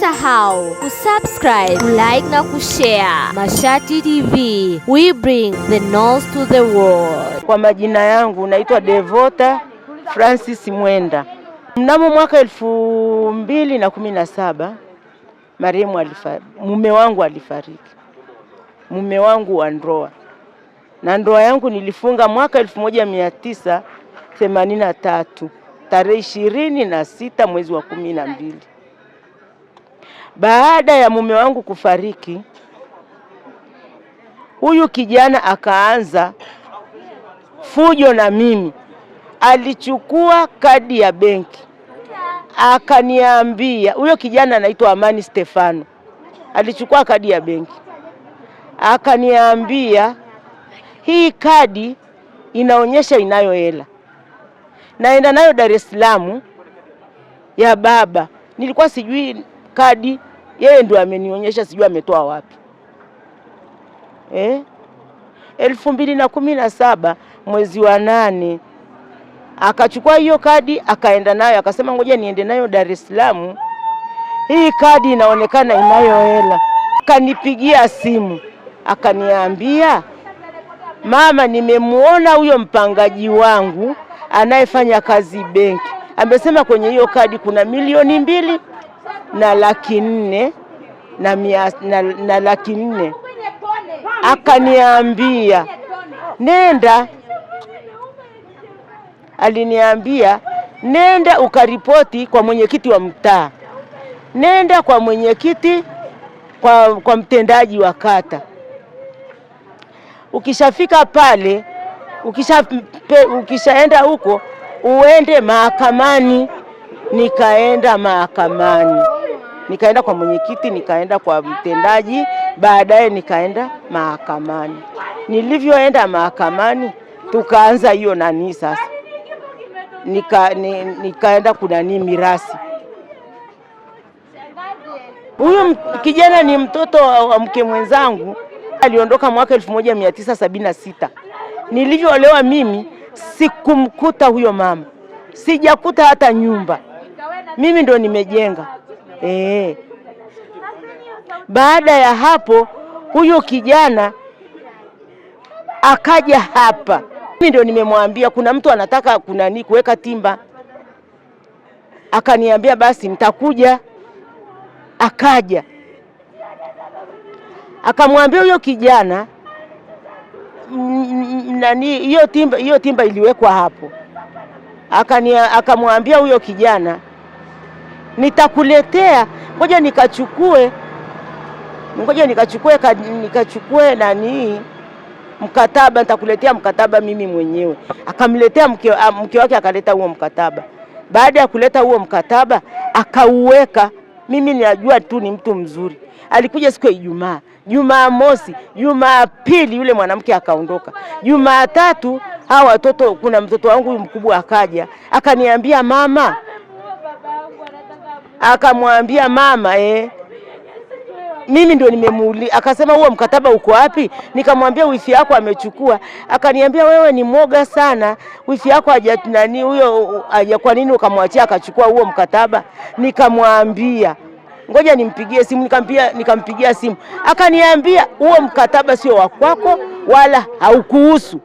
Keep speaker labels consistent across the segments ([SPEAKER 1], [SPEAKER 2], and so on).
[SPEAKER 1] Usisahau kusubscribe, like na kushare. Mashati TV, we bring the news to the world.
[SPEAKER 2] Kwa majina yangu naitwa Devota Francis Mwenda. Mnamo mwaka elfu mbili na kumi na saba marehemu alifariki, mume wangu alifariki, mume wangu wa ndoa, na ndoa yangu nilifunga mwaka elfu moja mia tisa themanini na tatu tarehe ishirini na sita mwezi wa kumi na mbili. Baada ya mume wangu kufariki, huyu kijana akaanza fujo na mimi. Alichukua kadi ya benki akaniambia, huyo kijana anaitwa Amani Stefano, alichukua kadi ya benki akaniambia, hii kadi inaonyesha inayo hela, naenda nayo Dar es Salaam ya baba. Nilikuwa sijui kadi yeye ndio amenionyesha, sijui ametoa wapi eh? elfu mbili na kumi na saba mwezi wa nane akachukua hiyo kadi akaenda nayo, akasema ngoja niende nayo Dar es Salaam, hii kadi inaonekana inayo hela. Akanipigia simu akaniambia, mama, nimemwona huyo mpangaji wangu anayefanya kazi benki, amesema kwenye hiyo kadi kuna milioni mbili na laki nne na, na, na laki nne. Akaniambia nenda, aliniambia nenda ukaripoti kwa mwenyekiti wa mtaa, nenda kwa mwenyekiti kwa, kwa mtendaji wa kata. Ukishafika pale ukisha, ukishaenda huko uende mahakamani nikaenda mahakamani, nikaenda kwa mwenyekiti, nikaenda kwa mtendaji, baadaye nikaenda mahakamani. Nilivyoenda mahakamani, tukaanza hiyo nani sasa, nika, ni, nikaenda kunanii mirasi. Huyu kijana ni mtoto wa mke mwenzangu, aliondoka mwaka 1976 nilivyoolewa mimi sikumkuta huyo mama, sijakuta hata nyumba mimi ndo nimejenga eh. Baada ya hapo huyo kijana akaja hapa, mimi ndo nimemwambia kuna mtu anataka kunani kuweka timba, akaniambia basi nitakuja. Akaja akamwambia huyo kijana nani, hiyo timba, hiyo timba iliwekwa hapo, akamwambia huyo kijana nitakuletea, ngoja nikachukue, ngoja nikachukue, nikachukue nani mkataba, nitakuletea mkataba mimi mwenyewe. Akamletea mke, mke wake akaleta huo mkataba. Baada ya kuleta huo mkataba akauweka. Mimi najua tu ni mtu mzuri. Alikuja siku ya Ijumaa, Jumaa mosi, Jumaa pili yule mwanamke akaondoka. Jumaa tatu hawa watoto, kuna mtoto wangu mkubwa akaja akaniambia, mama akamwambia mama eh, mimi ndio nimemuuliza. Akasema huo mkataba uko wapi? Nikamwambia wifi yako amechukua. Akaniambia wewe ni mwoga sana, wifi yako haja nani huyo haja, kwa nini ukamwachia akachukua huo mkataba? Nikamwambia ngoja nimpigie simu, nikampigia nikampigia simu, akaniambia huo mkataba sio wa kwako wala haukuhusu.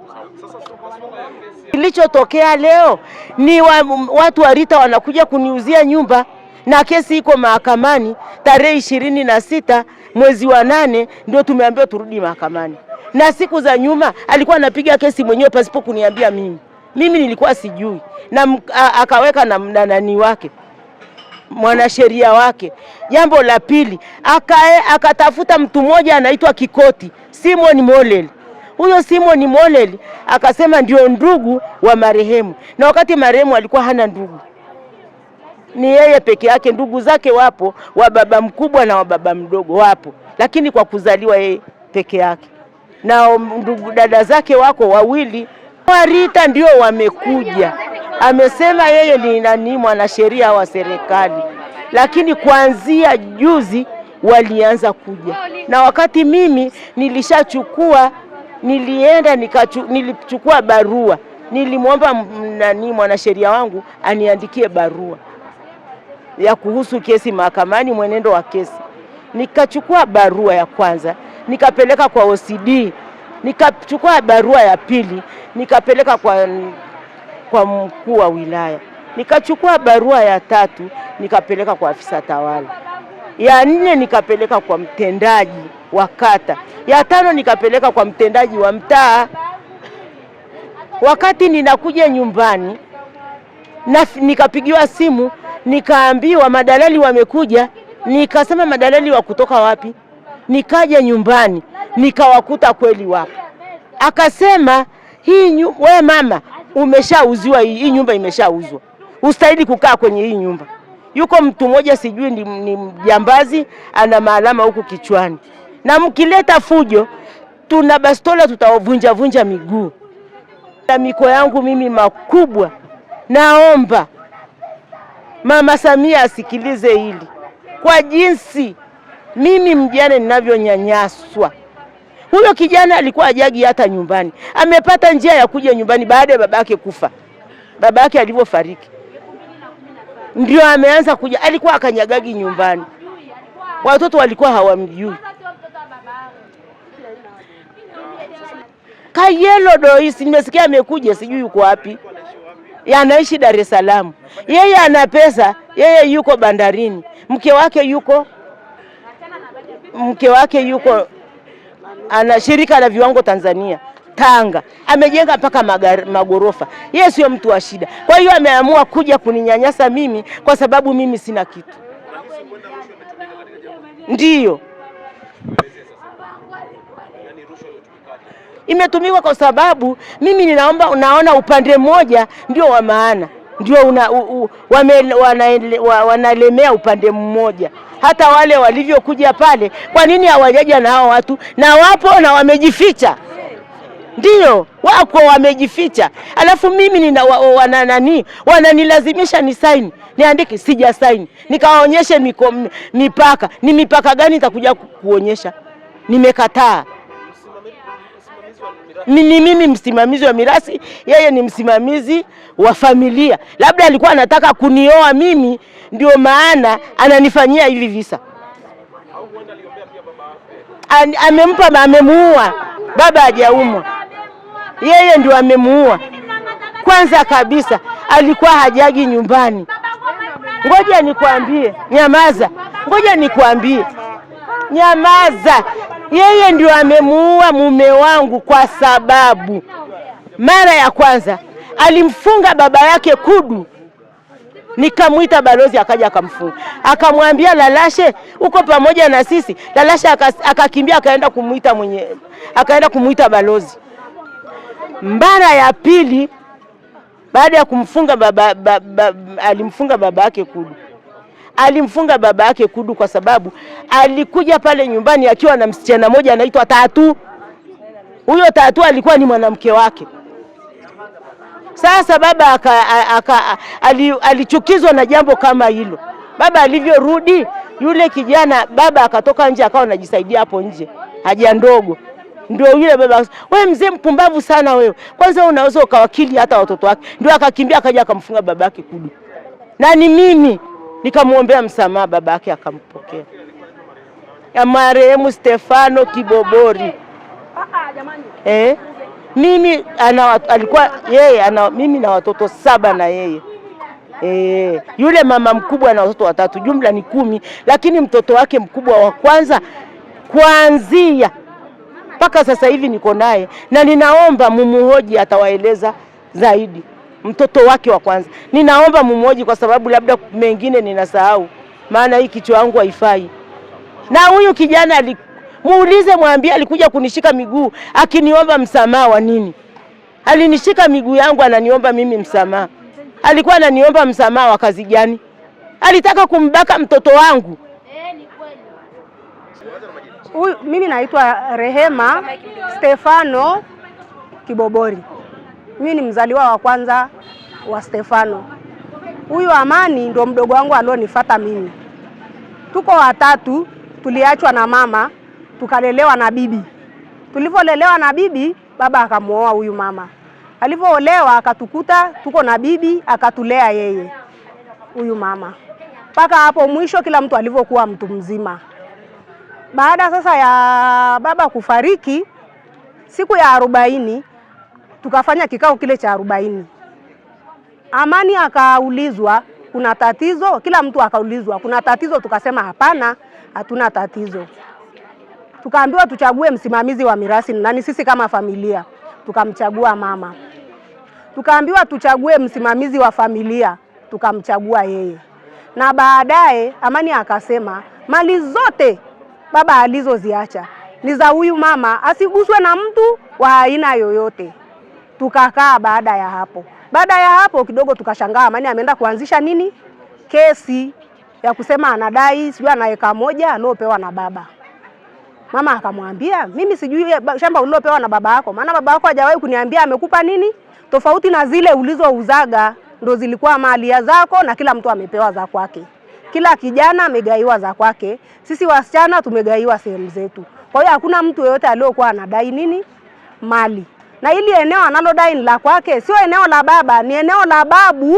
[SPEAKER 2] Kilichotokea leo ni wa, watu wa Rita wanakuja kuniuzia nyumba na kesi iko mahakamani tarehe ishirini na sita mwezi wa nane ndio tumeambiwa turudi mahakamani, na siku za nyuma alikuwa anapiga kesi mwenyewe pasipo kuniambia mimi. Mimi nilikuwa sijui na akaweka na nani wake mwanasheria wake. Jambo la pili, akae akatafuta mtu mmoja anaitwa Kikoti Simon Molel. Huyo Simon Molel akasema ndio ndugu wa marehemu, na wakati marehemu alikuwa hana ndugu ni yeye peke yake. Ndugu zake wapo, wa baba mkubwa na wa baba mdogo wapo, lakini kwa kuzaliwa yeye peke yake, na ndugu dada zake wako wawili Warita ndio wamekuja. Amesema yeye ni nani, mwanasheria wa serikali, lakini kuanzia juzi walianza kuja, na wakati mimi nilishachukua nilienda nikachu, nilichukua barua, nilimwomba nani mwanasheria wangu aniandikie barua ya kuhusu kesi mahakamani, mwenendo wa kesi. Nikachukua barua ya kwanza nikapeleka kwa OCD, nikachukua barua ya pili nikapeleka kwa, kwa mkuu wa wilaya, nikachukua barua ya tatu nikapeleka kwa afisa tawala, ya nne nikapeleka kwa mtendaji wa kata, ya tano nikapeleka kwa mtendaji wa mtaa. Wakati ninakuja nyumbani na nikapigiwa simu nikaambiwa madalali wamekuja. Nikasema madalali wa kutoka wapi? Nikaja nyumbani nikawakuta kweli wapo. Akasema hii we mama, umeshauziwa hii nyumba, imeshauzwa ustahili kukaa kwenye hii nyumba. Yuko mtu mmoja sijui ni mjambazi, ana maalama huku kichwani, na mkileta fujo, tuna bastola vunja miguu. Na miko yangu mimi makubwa, naomba Mama Samia asikilize hili, kwa jinsi mimi mjane ninavyonyanyaswa. Huyo kijana alikuwa ajagi hata nyumbani, amepata njia ya kuja nyumbani baada ya babake kufa. Babake alivyofariki ndio ameanza kuja, alikuwa akanyagagi nyumbani, watoto walikuwa hawamjui. Kayelo Doisi nimesikia amekuja, sijui yuko wapi anaishi Dar es Salaam, yeye ana pesa, yeye yuko bandarini, mke wake yuko mke wake yuko ana shirika la viwango Tanzania Tanga, amejenga mpaka magorofa. Yeye sio mtu wa shida, kwa hiyo ameamua kuja kuninyanyasa mimi kwa sababu mimi sina kitu, ndiyo imetumikwa kwa sababu mimi ninaomba, unaona upande mmoja ndio wa maana, ndio wanalemea upande mmoja. Hata wale walivyokuja pale, kwa nini hawajaja na hao watu? Na wapo na wamejificha, ndio wako wamejificha. Alafu mimi nina wana nani, wananilazimisha ni saini niandike, sija saini, nikawaonyeshe mipaka. Ni mipaka gani nitakuja kuonyesha? nimekataa. Ni mimi msimamizi wa mirasi, yeye ni msimamizi wa familia. Labda alikuwa anataka kunioa mimi, ndio maana ananifanyia hivi visa. Amempa, amemuua baba, hajaumwa yeye ndio amemuua. Kwanza kabisa alikuwa hajaji nyumbani. Ngoja nikuambie nyamaza. Ngoja nikuambie nyamaza yeye ndio amemuua mume wangu, kwa sababu mara ya kwanza alimfunga baba yake kudu, nikamwita balozi akaja akamfunga, akamwambia Lalashe, uko pamoja na sisi. Lalashe akakimbia akaenda kumwita mwenye, akaenda kumwita balozi. Mara ya pili baada ya kumfunga baba, ba, alimfunga baba yake kudu alimfunga baba yake Kudu kwa sababu alikuja pale nyumbani akiwa na msichana moja anaitwa Tatu. Huyo Tatu alikuwa ni mwanamke wake. Sasa baba aka, aka, alichukizwa na jambo kama hilo. Baba alivyorudi yule kijana, baba akatoka nje akawa anajisaidia hapo nje haja ndogo. Ndio yule baba, wewe mzee mpumbavu sana wewe, kwanza unaweza ukawakili hata watoto wake. Ndio akakimbia akaja akamfunga baba yake Kudu, na ni mimi nikamwombea msamaha, baba yake akampokea. Ya marehemu Stefano Kibobori eh? Mimi ana, alikuwa yeye ana, mimi na watoto saba na yeye eh, yule mama mkubwa na watoto watatu, jumla ni kumi, lakini mtoto wake mkubwa wa kwanza kuanzia mpaka sasa hivi niko naye, na ninaomba mumuhoji, atawaeleza zaidi mtoto wake wa kwanza. Ninaomba mumoji, kwa sababu labda mengine ninasahau, maana hii kichwa yangu haifai. Na huyu kijana muulize mwambie, alikuja kunishika miguu akiniomba msamaha wa nini? Alinishika miguu yangu ananiomba mimi msamaha. Alikuwa ananiomba msamaha wa kazi gani? Alitaka kumbaka mtoto wangu. Uy, mimi naitwa Rehema Stefano Kibobori. Mimi ni mzaliwa wa kwanza wa Stefano. Huyu Amani ndo mdogo wangu alionifuata mimi. Tuko watatu, tuliachwa na mama, tukalelewa na bibi. Tulivyolelewa na bibi, baba akamwoa huyu mama. Alivyoolewa akatukuta tuko na bibi, akatulea yeye huyu mama mpaka hapo mwisho, kila mtu alivyokuwa mtu mzima. Baada sasa ya baba kufariki siku ya arobaini tukafanya kikao kile cha arobaini. Amani akaulizwa kuna tatizo, kila mtu akaulizwa kuna tatizo, tukasema hapana, hatuna tatizo. Tukaambiwa tuchague msimamizi wa mirathi ni nani. Sisi kama familia tukamchagua mama. Tukaambiwa tuchague msimamizi wa familia, tukamchagua yeye, na baadaye Amani akasema mali zote baba alizoziacha ni za huyu mama, asiguswe na mtu wa aina yoyote tukakaa. Baada ya hapo baada ya hapo kidogo tukashangaa, maana ameenda kuanzisha nini kesi ya kusema anadai sijui anaweka moja anaopewa na baba. Mama akamwambia mimi sijui shamba ulilopewa na baba yako, maana baba yako hajawahi kuniambia amekupa nini, tofauti na zile ulizouzaga ndo zilikuwa mali ya zako, na kila mtu amepewa za kwake, kila kijana amegaiwa za kwake, sisi wasichana tumegaiwa sehemu zetu. Kwa hiyo hakuna mtu yeyote aliyokuwa anadai nini mali na ili eneo analodai la kwake, sio eneo la baba, ni eneo la babu.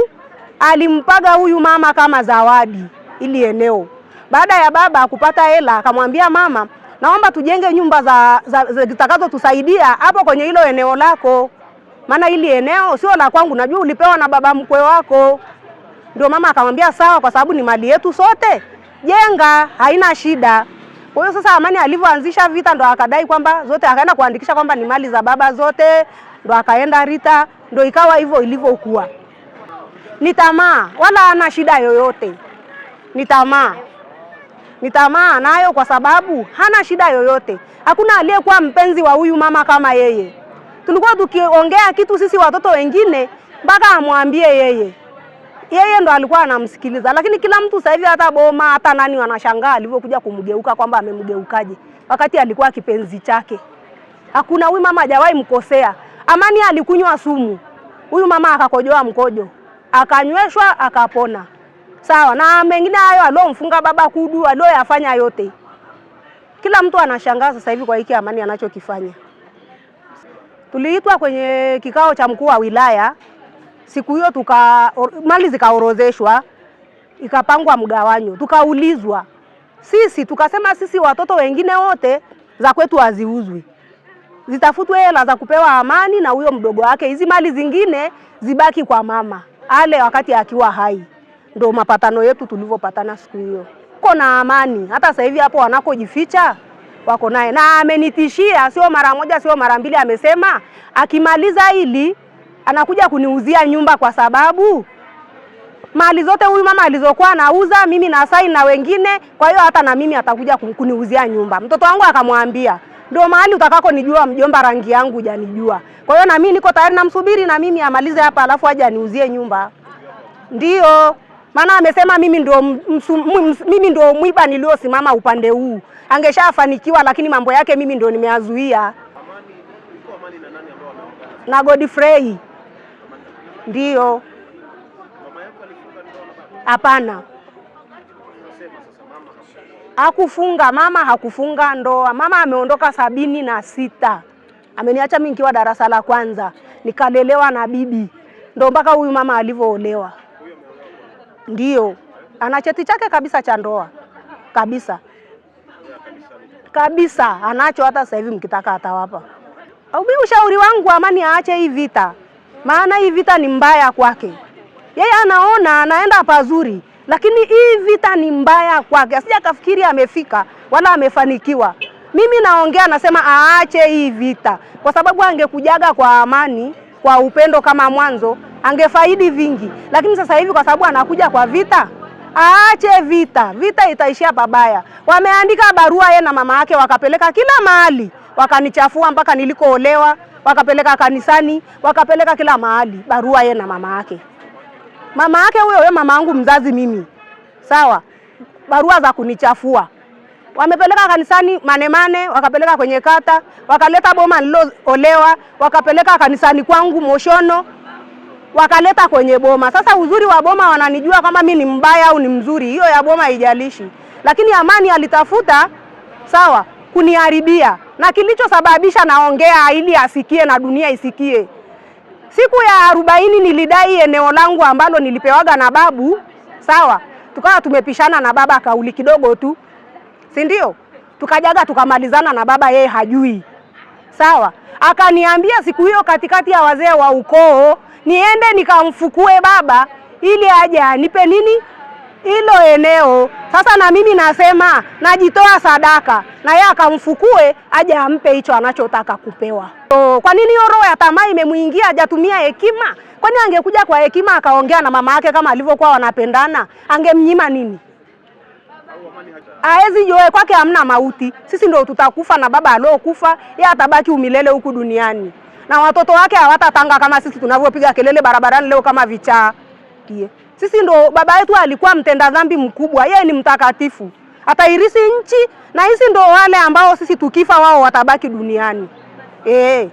[SPEAKER 2] Alimpaga huyu mama kama zawadi ili eneo. Baada ya baba kupata hela, akamwambia mama, naomba tujenge nyumba za tusaidia hapo kwenye hilo eneo lako, maana ili eneo sio la kwangu, najua ulipewa na baba mkwe wako. Ndio mama akamwambia sawa, kwa sababu ni mali yetu sote, jenga, haina shida. Kwa hiyo sasa Amani alivyoanzisha vita ndo akadai kwamba zote, akaenda kuandikisha kwamba ni mali za baba zote, ndo akaenda Rita, ndo ikawa hivyo ilivyokuwa. Ni tamaa, wala hana shida yoyote, ni tamaa ni tamaa nayo, kwa sababu hana shida yoyote. Hakuna aliyekuwa mpenzi wa huyu mama kama yeye. Tulikuwa tukiongea kitu sisi watoto wengine mpaka amwambie yeye yeye ndo alikuwa anamsikiliza, lakini kila mtu sasa hivi hata boma hata nani wanashangaa alivyokuja kumgeuka kwamba amemgeukaje, wakati alikuwa kipenzi chake. Hakuna huyu mama hajawahi mkosea. Amani alikunywa sumu, huyu mama akakojoa mkojo, akanyweshwa, akapona. Sawa na mengine hayo aliomfunga baba kudu, alioyafanya yote, kila mtu anashangaa sasa hivi kwa hiki Amani anachokifanya. Tuliitwa kwenye kikao cha mkuu wa wilaya siku hiyo tuka mali zikaorozeshwa, ikapangwa mgawanyo, tukaulizwa sisi, tukasema sisi watoto wengine wote za kwetu haziuzwi, zitafutwe hela za kupewa Amani na huyo mdogo wake, hizi mali zingine zibaki kwa mama ale wakati akiwa hai. Ndo mapatano yetu tulivyopatana siku hiyo. Uko na Amani hata sasa hivi hapo wanakojificha wako naye, na amenitishia, sio mara moja, sio mara mbili, amesema akimaliza hili anakuja kuniuzia nyumba kwa sababu mali zote huyu mama alizokuwa anauza mimi na sign na wengine, kwa hiyo hata na mimi atakuja kuniuzia nyumba. Mtoto wangu akamwambia, ndio mahali utakako nijua mjomba, rangi yangu janijua. Kwa hiyo na mimi niko tayari, namsubiri na mimi amalize hapa, alafu aje aniuzie nyumba. Ndio maana amesema mimi ndio mimi ndio mwiba niliosimama upande huu, angeshafanikiwa lakini mambo yake mimi ndio nimeazuia na Godfrey ndio hapana, hakufunga mama, hakufunga ndoa. Mama ameondoka sabini na sita, ameniacha mimi nikiwa darasa la kwanza, nikalelewa na bibi, ndo mpaka huyu mama alivyoolewa. ndio ana cheti chake kabisa cha ndoa kabisa kabisa, anacho. Hata sasa hivi mkitaka atawapa. Au mimi ushauri wangu, Amani aache hii vita maana hii vita ni mbaya kwake. Yeye anaona anaenda pazuri, lakini hii vita ni mbaya kwake, asija kafikiri amefika wala amefanikiwa. Mimi naongea nasema aache hii vita, kwa sababu angekujaga kwa amani, kwa upendo kama mwanzo, angefaidi vingi, lakini sasa hivi kwa sababu anakuja kwa vita Aache vita, vita itaishia pabaya. Wameandika barua yeye na mama yake, wakapeleka kila mahali, wakanichafua mpaka nilikoolewa wakapeleka kanisani, wakapeleka kila mahali, barua yeye na mama yake. Mama yake huyo huyo mama yangu mzazi mimi, sawa, barua za kunichafua wamepeleka kanisani Manemane, wakapeleka kwenye kata, wakaleta boma liloolewa, wakapeleka kanisani kwangu Moshono, wakaleta kwenye boma. Sasa uzuri wa boma, wananijua kama mimi ni mbaya au ni mzuri, hiyo ya boma haijalishi, lakini amani alitafuta sawa kuniharibia, na kilichosababisha naongea ili asikie na dunia isikie. Siku ya arobaini nilidai eneo langu ambalo nilipewaga na babu, sawa. Tukawa tumepishana na baba kauli kidogo tu, si ndio? Tukajaga tukamalizana na baba, yeye hajui, sawa. Akaniambia siku hiyo katikati ya wazee wa ukoo niende nikamfukue baba ili aje anipe nini hilo eneo. Sasa na mimi nasema najitoa sadaka, na yeye akamfukue aje ampe hicho anachotaka kupewa. So, kwa nini hiyo roho ya tamaa imemwingia? Hajatumia hekima? Kwani angekuja kwa hekima akaongea na mama yake kama alivyokuwa wanapendana, angemnyima nini? Aezi joe kwake hamna mauti, sisi ndio tutakufa na baba aliokufa, yeye atabaki umilele huku duniani na watoto wake hawatatanga kama sisi tunavyopiga kelele barabarani leo kama vichaa. Ndiye. Sisi ndo baba yetu alikuwa mtenda dhambi mkubwa, yeye ni mtakatifu, atairisi nchi, na hizi ndo wale ambao sisi tukifa wao watabaki duniani e.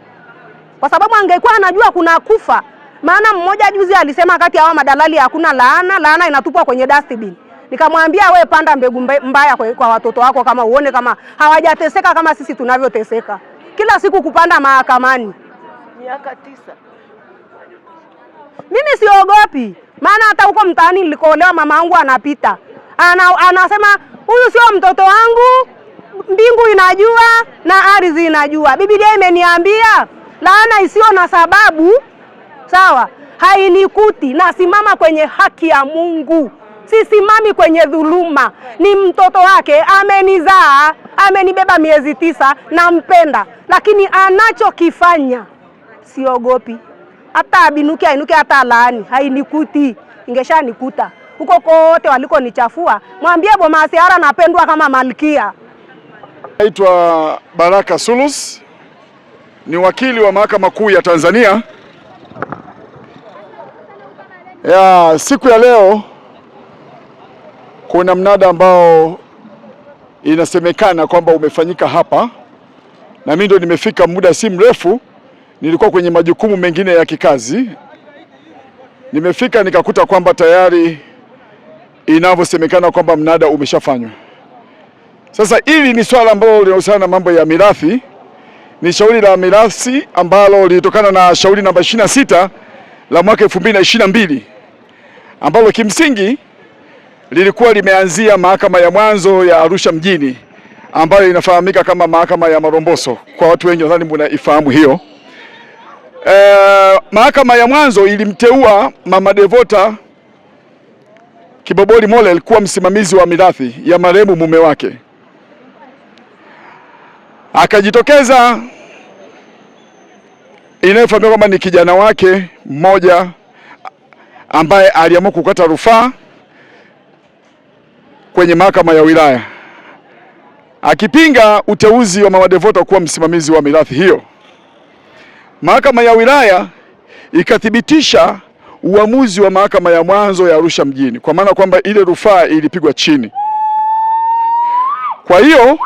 [SPEAKER 2] Kwa sababu angekuwa anajua kuna kufa. Maana mmoja juzi alisema kati hawa madalali hakuna laana, laana inatupwa kwenye dustbin. Nikamwambia we, panda mbegu mbaya kwa watoto wako, kama uone kama hawajateseka kama sisi tunavyoteseka kila siku kupanda mahakamani. Miaka tisa, mimi siogopi maana hata huko mtaani nilikoolewa, mama wangu anapita ana, anasema huyu sio mtoto wangu, mbingu inajua na ardhi inajua. Biblia imeniambia laana isiyo na sababu sawa hainikuti. Nasimama kwenye haki ya Mungu, sisimami kwenye dhuluma. Ni mtoto wake, amenizaa, amenibeba miezi tisa, nampenda, lakini anachokifanya siogopi hata binuki ainuki hata laani hainikuti, ingeshanikuta huko kote nichafua Mwambie Bomasiara napendwa kama malkia.
[SPEAKER 3] Naitwa Baraka Sulus, ni wakili wa mahakama kuu ya Tanzania. Ya siku ya leo kuna mnada ambao inasemekana kwamba umefanyika hapa, na mimi ndo nimefika muda si mrefu nilikuwa kwenye majukumu mengine ya kikazi. Nimefika nikakuta kwamba tayari inavyosemekana kwamba mnada umeshafanywa. Sasa hili ni swala ambalo linahusiana na mambo ya mirathi, ni shauri la mirathi ambalo lilitokana na shauri namba sita la mwaka mbili ambalo kimsingi lilikuwa limeanzia mahakama ya mwanzo ya Arusha mjini ambayo inafahamika kama mahakama ya Maromboso. Kwa watu wengi nadhani mnaifahamu hiyo eh, mahakama ya mwanzo ilimteua Mama Devota Kiboboli Molel kuwa msimamizi wa mirathi ya marehemu mume wake. Akajitokeza inayofahamika kwamba ni kijana wake mmoja ambaye aliamua kukata rufaa kwenye mahakama ya wilaya akipinga uteuzi wa Mama Devota kuwa msimamizi wa mirathi hiyo. Mahakama ya wilaya ikathibitisha uamuzi wa mahakama ya mwanzo ya Arusha mjini, kwa maana kwamba ile rufaa ilipigwa chini. Kwa hiyo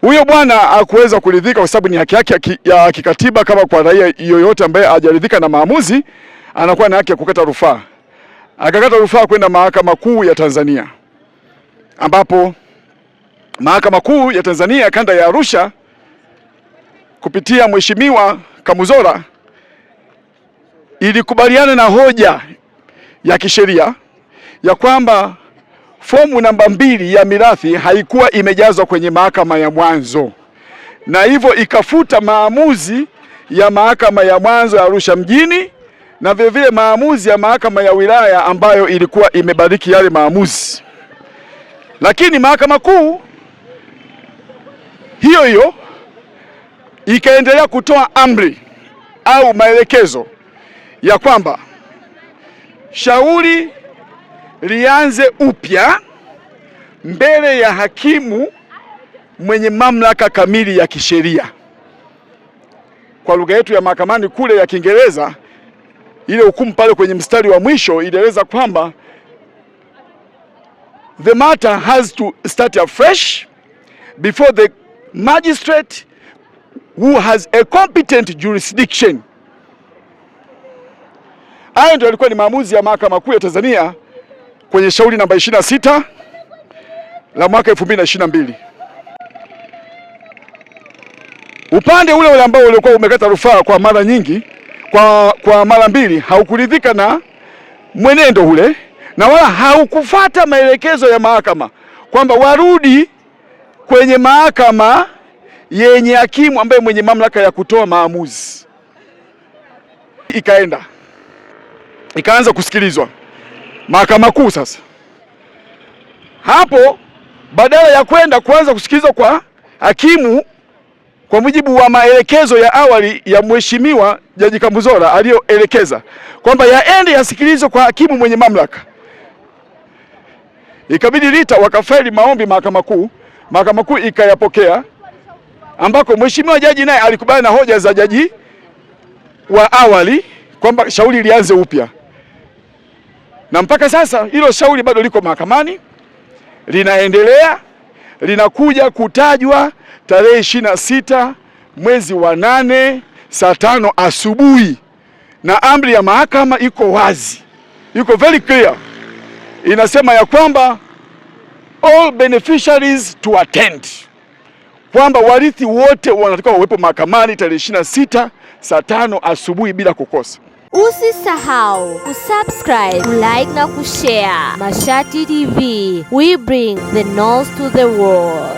[SPEAKER 3] huyo bwana hakuweza kuridhika, kwa sababu ni haki yake ya kikatiba. Kama kwa raia yoyote ambaye hajaridhika na maamuzi, anakuwa na haki ya kukata rufaa. Akakata rufaa kwenda mahakama kuu ya Tanzania, ambapo mahakama kuu ya Tanzania kanda ya Arusha kupitia Mheshimiwa Kamuzora ilikubaliana na hoja ya kisheria ya kwamba fomu namba mbili ya mirathi haikuwa imejazwa kwenye mahakama ya mwanzo, na hivyo ikafuta maamuzi ya mahakama ya mwanzo ya Arusha mjini na vilevile maamuzi ya mahakama ya wilaya ambayo ilikuwa imebariki yale maamuzi, lakini mahakama kuu hiyo hiyo ikaendelea kutoa amri au maelekezo ya kwamba shauri lianze upya mbele ya hakimu mwenye mamlaka kamili ya kisheria. Kwa lugha yetu ya mahakamani kule ya Kiingereza, ile hukumu pale kwenye mstari wa mwisho ilieleza kwamba the matter has to start afresh before the magistrate who has a competent jurisdiction. Hayo ndio yalikuwa ni maamuzi ya Mahakama Kuu ya Tanzania kwenye shauri namba 26 la mwaka 2022. Upande ule ule ambao ulikuwa umekata rufaa kwa mara nyingi kwa, kwa mara mbili haukuridhika na mwenendo ule na wala haukufata maelekezo ya mahakama kwamba warudi kwenye mahakama yenye hakimu ambaye mwenye mamlaka ya kutoa maamuzi. Ikaenda ikaanza kusikilizwa mahakama kuu. Sasa hapo, badala ya kwenda kuanza kusikilizwa kwa hakimu kwa mujibu wa maelekezo ya awali ya mheshimiwa Jaji Kambuzora aliyoelekeza kwamba yaende yasikilizwe kwa hakimu mwenye mamlaka, ikabidi Lita wakafaili maombi mahakama kuu, mahakama kuu ikayapokea ambako mheshimiwa jaji naye alikubali na hoja za jaji wa awali kwamba shauri lianze upya, na mpaka sasa hilo shauri bado liko mahakamani linaendelea, linakuja kutajwa tarehe ishirini na sita mwezi wa nane saa tano asubuhi, na amri ya mahakama iko wazi, iko very clear, inasema ya kwamba all beneficiaries to attend kwamba warithi wote wanatakiwa wawepo mahakamani tarehe 26 saa tano asubuhi bila kukosa. Usisahau kusubscribe, kulike na kushare. Mashati TV, we bring the news to the world.